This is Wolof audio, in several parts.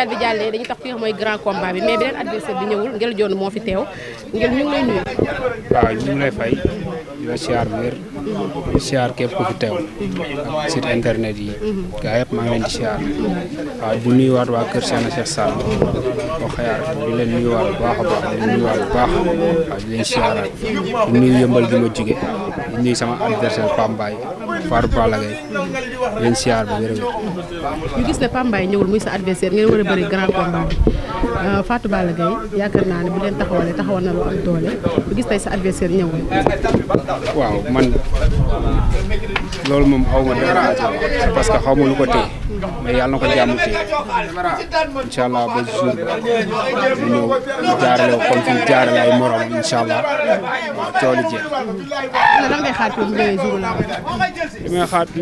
mondial bi jàllee dañuy tax fi nga mooy grand combat bi mais beneen adversaire bi ñëwul Nguel Dione moo fi teew Nguel ñu ngi lay nuyu. bu wér di siyaar képp ku fi teew ak site internet yi. Mhm. gaa yëpp maa ngi leen di siyaar waaw di nuyuwaat waa Kër Seen Cheikh Sall boo xayaat di leen nuyuwaat bu baax a baax di nuyuwaat bu baax waaw di leen siyaaraat ma jóge faaru Balla Gaye leen siyaar ba wér ñu gis ne Pape ñëwul muy sa adversaire ngeen war a bëri grand combat euh, Fatou Balla Gaye yaakaar naa ne bu leen taxawalee taxawal na lu am doole ñu gis tey sa adversaire ñëwul. waaw man loolu moom xaw dara parce que xaw ma lu ko téye mais yàlla na ko jàmm téye incha allah ba jour bi ñëw ñu jaarale fi jaarale ay morom incha allah waaw coono jeex. lan ngay xaar pour mu ñëwee jour la li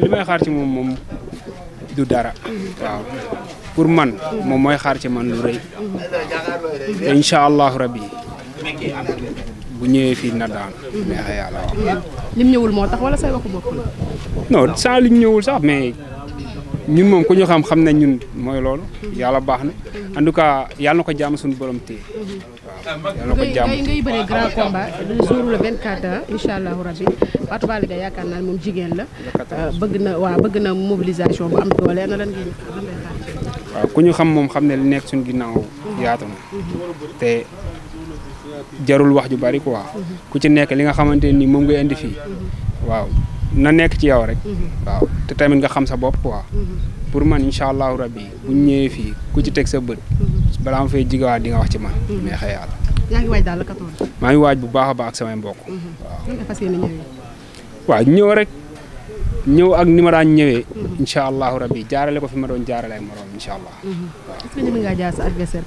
may xaar ci moom moom du dara waaw pour man moom mooy xaar ci man lu rëy te incha rabbi bu ñëwee fii na daan neexe yàlla waaw. lim ñëwul moo tax wala say waxu bopp la. non sans lim ñëwul sax mais ñun moom ku ñu xam xam nañ ñun mooy loolu. yàlla baax na en tout cas yàlla na ko jàmm suñu borom téye. ngay ngay bëree grand combat jour le 24 incha allahu rabbi Fatou Balla yaakaar naa moom jigéen la euh, bëgg na waaw bëgg na mobilisation bu am doole na lan ngeen ku ñu xam moom xam ne nekk suñu ginnaaw yaatu na mhm. te jarul wax ju bari quoi mhm. ku ci nekk li nga xamante nii moom nga indi fii mhm. waaw na nekk ci yow rek waaw te tamit nga xam sa bopp quoi pour man incha allahu rabbi bu ñëwee fii ku ci teg sa bët balaa ma fay jigawaat di nga wax ci ma mais xëy yàlla. daal maa ngi waaj bu baax a baax ak samay mbokk. Mm-hmm. waaw nan ñëw rek ñëw ak ni ma daan ñëwee. Mm-hmm. incha allahu rabi jaarale ko fi ma doon jaarale ak morom incha allah. Mm-hmm. waaw est-ce que ñu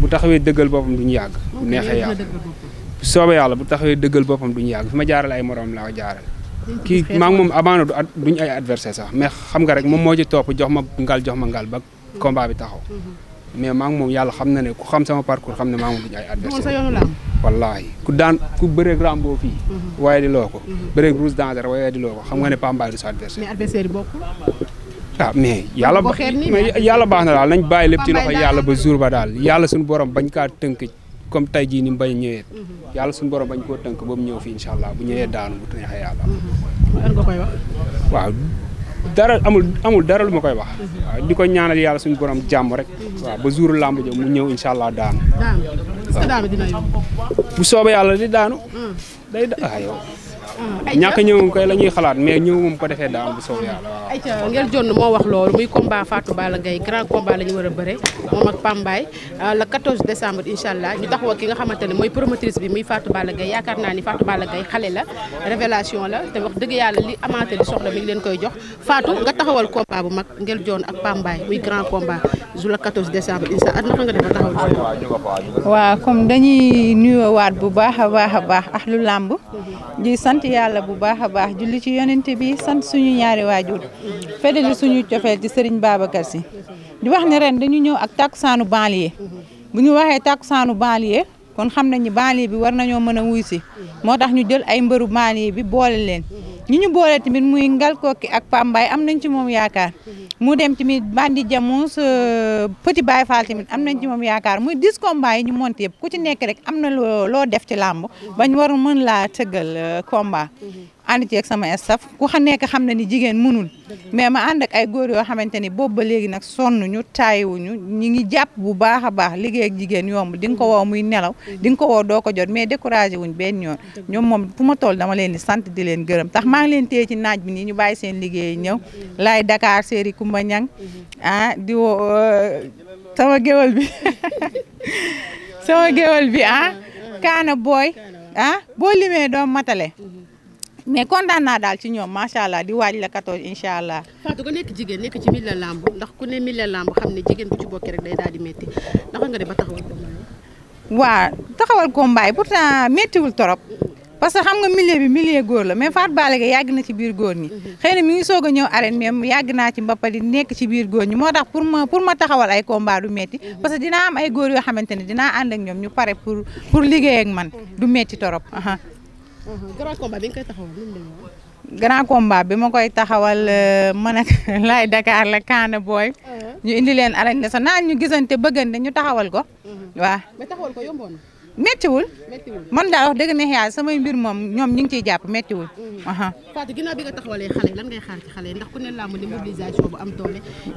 bu taxawee dëggal boppam duñu yàgg. bu neexee yàlla bu bu taxawee dëggal boppam duñu yàgg fi ma jaarale ay morom laa ko jaarale. kii maa ngi moom amaana duñ ay adversaire sax mais xam nga rek moom moo ci topp jox ma ngal jox ma ngal ba komba bi taxaw mais maa moom yàlla xam na ne ku xam sama parcours xam ne maa moom duñu ay adversaire wallaahi ku daan ku bëreeg Rambo fii mhm. waaye di loo ko mhm. bëreeg Rouge Danger waaye di loo ko xam nga ne Pambaay du sa adversaire mais adversaire bokkul ah mais yàlla yàlla baax na daal nañ bàyyi lépp ci loxo yàlla ba jour ba daal yàlla suñu borom bañ kaa tënk comme tey jii ni bañ ñëwee mhm. yàlla suñu borom bañ koo tënk ba mu ñëw fii incha allah bu ñëwee daanu bu neexee yàlla waaw dara amul amul dara lu ma koy wax. waaw di ko ñaanal yàlla suñu borom jàmm rek. waaw ba jour làmb ja mu ñëw incha allah daanu. daanu bu soobee yàlla di daanu. Hmm. day da ah, ñàkk ñëw koy la ñuy xalaat mais ñëw moom ko defee daa bu soow yàlla waaw. moo wax loolu muy combat Fatou Balla Gaye grand combat la war a bëre moom ak Pambaay euh, le 14 décembre incha ñu taxaw ki nga xamante ne mooy promotrice bi muy Fatou Balla Gaye yaakaar naa ni Fatou Balla Gaye xale la révélation la te wax dëgg yàlla li amaate di soxla mi ngi leen koy jox Fatou nga taxawal combat bu mag Nguel Dione ak Pambaay muy grand combat jour le 14 décembre ba taxawal. waaw comme dañuy a a ci yàlla bu baax a baax julli ci yonent bi sant suñu ñaari waajur fedeli suñu cofeel ci sëriñ Babacar si di wax ne ren dañu ñëw ak takkusaanu banlieue bu ñu waxee takkusaanu banlieue kon xam nañu banlieue bi war nañoo mën a wuy si moo tax ñu jël ay mbëru banlieue bi boole leen ñi ñu boole tamit muy ngal kokki ak pambaay am nañ ci moom yaakaar mu dem ci tamit bandi jamus euh, petit baay faal tamit am nañ ci moom yaakaar muy dix combat yi ñu monte yëpp ku ci nekk rek am na loo loo def ci làmb bañ war mën laa tëggal euh, combat ànd ci ak sama staff ku xam na ni jigéen mënul mais ma ànd ak ay góor yoo xamante ni boobu ba léegi nag sonn ñu taayiwuñu ñi ngi jàpp bu baax a baax liggéey ak jigéen yomb di nga ko woo muy nelaw di ko woo doo ko jot mais découragé wuñ benn yoon ñoom moom fu ma toll dama leen di sant di leen gërëm tax maa leen téye ci naaj bi nii ñu bàyyi seen liggéey ñëw laay Dakar séeri Kumba Ñang ah di woo euh, sama géwal bi sama géwal bi ah kaana booy ah boo limee doom matale mais kontaan naa daal ci ñoom macha allah di waaj la 14 incha allah. Fatou nga nekk jigéen nekk ci milieu làmb ndax ku ne milieu làmb xam ne jigéen bu ci bokkee rek day daal di métti ndax nga ne ba taxawal combat yi. taxawal combat yi pourtant trop parce que xam nga milieu bi milieu góor la mais Fatou Balla Gaye na ci biir góor ñi. Mhm. xëy na mi ngi soog a ñëw arène mais yàgg naa ci mbappa di nekk ci biir góor ñi moo tax pour ma pour ma taxawal ay combat du métti. Mhm. parce que dina am ay góor yoo xamante ne dina ànd ak ñoom ñu pare pour pour liggéey ak man mhm. du métti trop. grand combat bi nga koy taxawal nu mu ma koy taxawal euh, man ak laay Dakar la Kaana booy ah. ñu indi leen arène nationale ñu gisante ñu taxawal ko. Mhm. waaw ñu taxawal ko yomboon méttiwul man daal wax dëgg neex samay mbir moom ñoom ñu ngi ciy jàpp méttiwul. Mm-hmm. Fatou ginnaaw bi nga taxawalee xale yi ngay xaar ci xale ndax ku ne làmb li mobilisation bu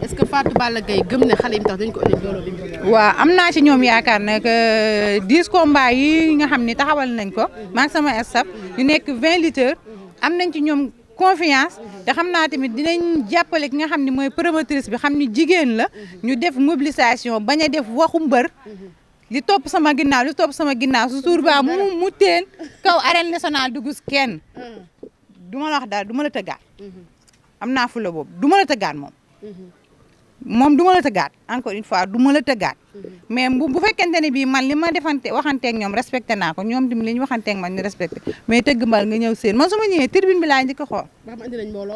est-ce que Fatou Balla Gaye gëm ne xale yi tax dañ ko indi doole bi. waaw am naa ci ñoom yaakaar nag euh, dix combats yi nga xam ni taxawal nañ ko mm-hmm. maag sama staff yu nekk vingt lutteurs mm-hmm. am nañ ci ñoom. confiance te xam naa tamit dinañ jàppale ki nga xam ni mooy promotrice bi xam ni jigéen la ñu def mobilisation bañ a def waxu mbër li topp sama ginnaaw li topp sama ginnaaw su suur baa mu mu teen kaw arène nationale du gis kenn mm. du ma la wax daal du ma la mm-hmm. naa fula boobu du ma la moom mm-hmm. moom du ma la tëggaat encore une fois du ma la tëggaat mm-hmm. mais bu bu fekkente ne bii man li ma defante waxanteeg ñoom respecté naa ko ñoom dim li ñu waxanteeg man ñu respecté mais tëgg mbal nga ñëw seen man su ma ñëwee tribune bi laa ko a xool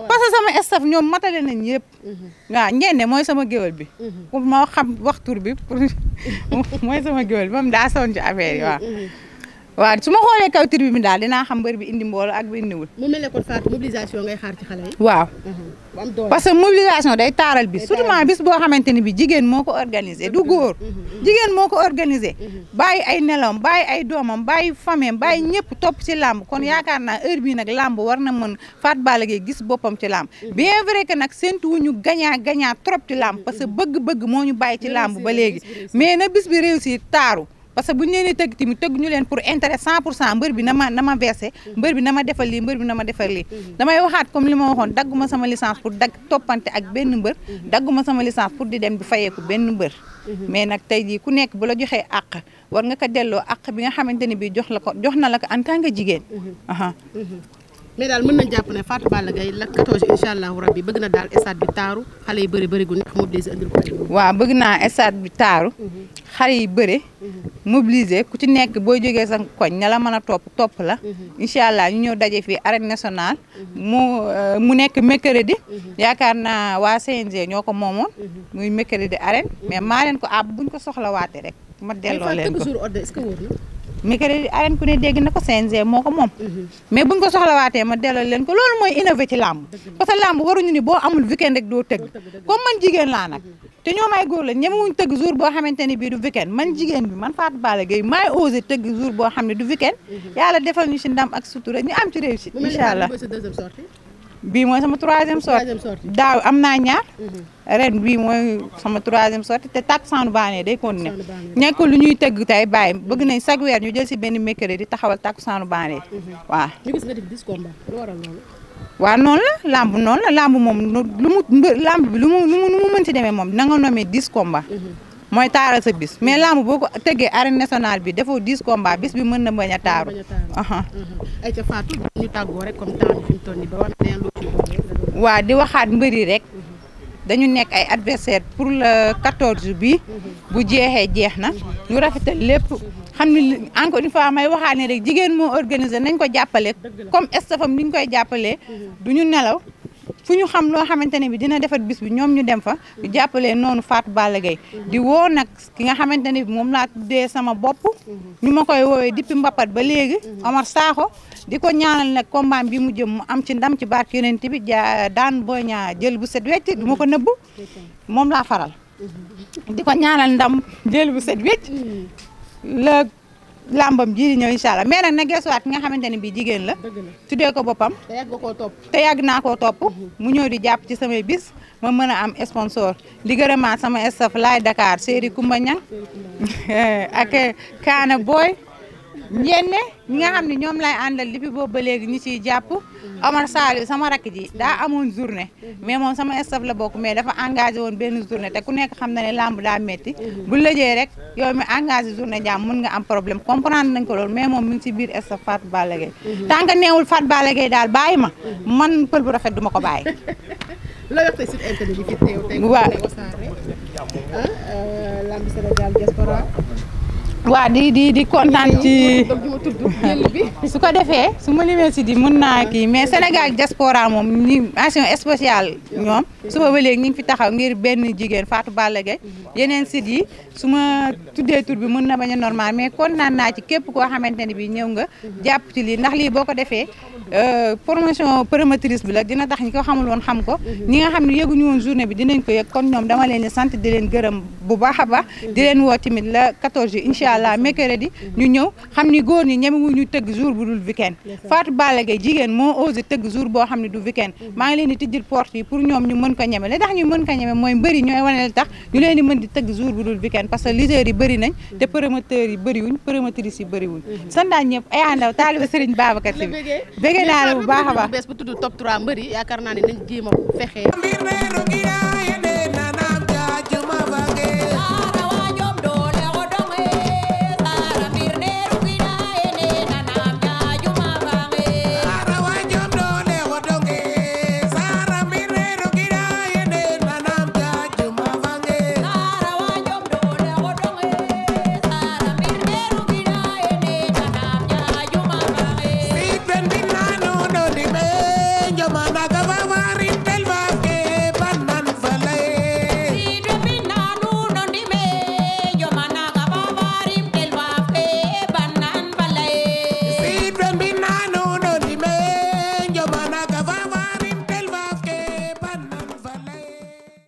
parce que sama staff ñoom matale nañ yëpp mm-hmm. waaw ñeenne mooy sama géwal bi mm-hmm. pour ma xam waxtur bi pour mooy sama géwal bi moom daa sonn ci affaire waaw su ma xoolee kaw tribune bi daal dinaa xam mbër bi indi ak bi indiwul. mu mel ne kon Fatou mobilisation ngay xaar ci xale yi. waaw mhm. parce que mobilisation day taaral bis surtout bis boo xamante ni bi jigéen moo ko organisé du góor. Mhm, mhm, jigéen moo ko organisé. bàyyi ay nelawam bàyyi ay doomam bàyyi fameem bàyyi ñëpp topp ci làmb kon yaakaar naa heure bii nag làmb war na mën Fatou Balla Gaye gis boppam ci làmb. bien vrai que nag séntu wu ñu gañaa gañaa trop ci làmb parce que bëgg-bëgg moo ñu bàyyi ci làmb ba léegi mais na bis bi réussir taaru. parce que bu ñu leen tëgg tamit tëgg ñu leen pour intérêt cent pour cent mbër bi na ma na ma versé mbër bi na ma defal lii mbër bi na ma defal lii damay waxaat comme li ma waxoon dagguma sama licence pour dagg toppante ak benn mbër dagguma sama licence pour di dem di fayeeku benn mbër mais nag tey jii ku nekk bu la joxee àq war nga ko delloo àq bi nga xamante ne bii jox la ko jox na la ko en tant que jigéen mais daal mën na jàpp ne Fatou Balla Gaye la 14 incha allahu bi bëgg na daal stade bi taaru xale yi bëri bëri gu nekk mobiliser andil ko waaw bëgg naa stade bi taaru mhm. xale yi bëri mobiliser ku ci nekk boo jógee sa koñ ña la mën a topp topp la mhm. incha allah ñu ñëw daje fii arène nationale mhm. mu euh, mu nekk mercredi yaakaar naa waa CNG ñoo ko moomoon muy mercredi arène mais maa leen ko àbb ah, buñ ko soxla soxlawaatee rek ma delloo leen ko micro arène ku ne dégg na ko CNG moo ko moom mhm. mais buñ ko soxlawaatee ma delloo leen ko loolu mooy innover ci làmb parce que làmb waruñu ni boo amul weekend rek doo tëgg comme man jigéen laa mhm. te ñoom ay góor la ñemewuñ tëgg jour boo xamante ne bii du weekend man jigéen bi man Fatou Balla Gueye maay tëgg jour boo xam ne du weekend mhm. yàlla defal ñu ci ndam ak sutura ñu am ci réussite bii mooy sama troisième sortie daa am naa ñaar mhm. ren bii mooy sama troisième sortie te takk saanu baanee day continuer nekkul lu ñuy tëgg tey bàyyi bëgg nañ chaque weer ñu jël si benn mercredi di taxawal takk saanu baanee mhm. waaw ñu gis nga def dix combat lu la lamb noonu la lamb moom lu mu lamb bi lu mu lu mu mën si demee moom na nga nomee dix combat mhm. mooy taaral sa bis mais lamb boo ko tegee arène nationale bi defoo dix combat bis bi mën na bañ a taaru. Mm-hmm. ñu tàggoo rek comme temps waa di waxaat mbëri rek. Mm-hmm. dañu nekk ay adversaire pour le 14 bi mm-hmm. bu jeexee jeex na ñu rafetal lépp xam ni encore une fois may waxaat ne rek jigéen moo organisé nañ ko jàppale comme estafam ni ñu koy jàppale du ñu nelaw fu ñu xam loo xamante ne bi dina defar bis bi ñoom ñu dem fa ñu mm-hmm. jàppalee noonu Fatou Balla Gaye mm-hmm. di woo nag ki nga xamante ne bi moom laa tuddee sama bopp mm-hmm. ñu ma koy woowee depuis Mbapat ba léegi Omar Sakho di ko ñaanal nag combat bi mu jëm mu am ci ndam ci barke yonent bi ja daan boo ñaa jël bu set wecc du ma ko nëbb moom laa faral di ko ñaanal ndam jël bu set wecc làmbam ji di ñëw incha allah mais nag na gesuwaat ki nga xamante ne bii jigéen la. dee ko boppam. te yàgg koo topp te yàgg naa koo topp. Mhm. mu ñëw di jàpp ci samay bis ma mën a am sponsor di gërëmaat sama staff laay Dakar Séeri Kumba Ñang ak Kaana Boy. ñenn ñi nga xam ne ñoom lay àndal depuis boobu ba léegi ñu ciy jàpp Omar Saliou sama rakk ji daa amoon journée mais moom sama staff la bokk mais dafa engagé woon benn journée te ku nekk xam na ne làmb daa metti bu lëjee rek yow mi engagé journée jàmm mun nga am problème comprendre nañ ko loolu mais moom mi ngi ci biir staff Fatou Balla Gaye tant que neewul Fatou Balla Gaye daal bàyyi ma man pël bu rafet du ma ko bàyyi waaw ah, euh, lamb Sénégal diaspora waa di di di kontaan ci su ko defee su ma limee si di mën naa kii mais Sénégal diaspora moom ñi action spéciale ñoom su ma léegi ñu ngi fi taxaw ngir benn jigéen faatu Balla Gaye yeneen sit yi su ma tuddee tur bi mën na bañ a normal mais kontaan naa ci képp koo xamante ne bi ñëw nga jàpp ci lii ndax lii boo ko defee promotion euh, promotrice bi la dina tax ñi ko xamul woon xam ko mhm. ñi nga xam ne yëguñu woon journée bi dinañ ko yëg kon ñoom dama leen di sant di leen gërëm bu baax a baax mhm. di leen woo tamit la 14 ju incha allah mhm. mercredi ñu ñëw xam ni góor ñi ñemewuñu tëgg jour bu dul weekend Fatou Balla Gaye jigéen moo osé tëgg jour boo xam ne du weekend maa ngi leen di tijjil porte yi pour ñoom ñu mën ko ñeme li tax ñu mën ko ñeme mooy mbëri ñooy wane li tax ñu leen di mën di tëgg jour bu dul weekend parce que leaders yi bëri nañ te promoteurs yi bëriwuñ promotrices yi bëriwuñ sandaa ñëpp bëggee la bu baax a baax. bu bees bu tudd top 3 mbëri yaakaar naa ne nañ jéem a fexe.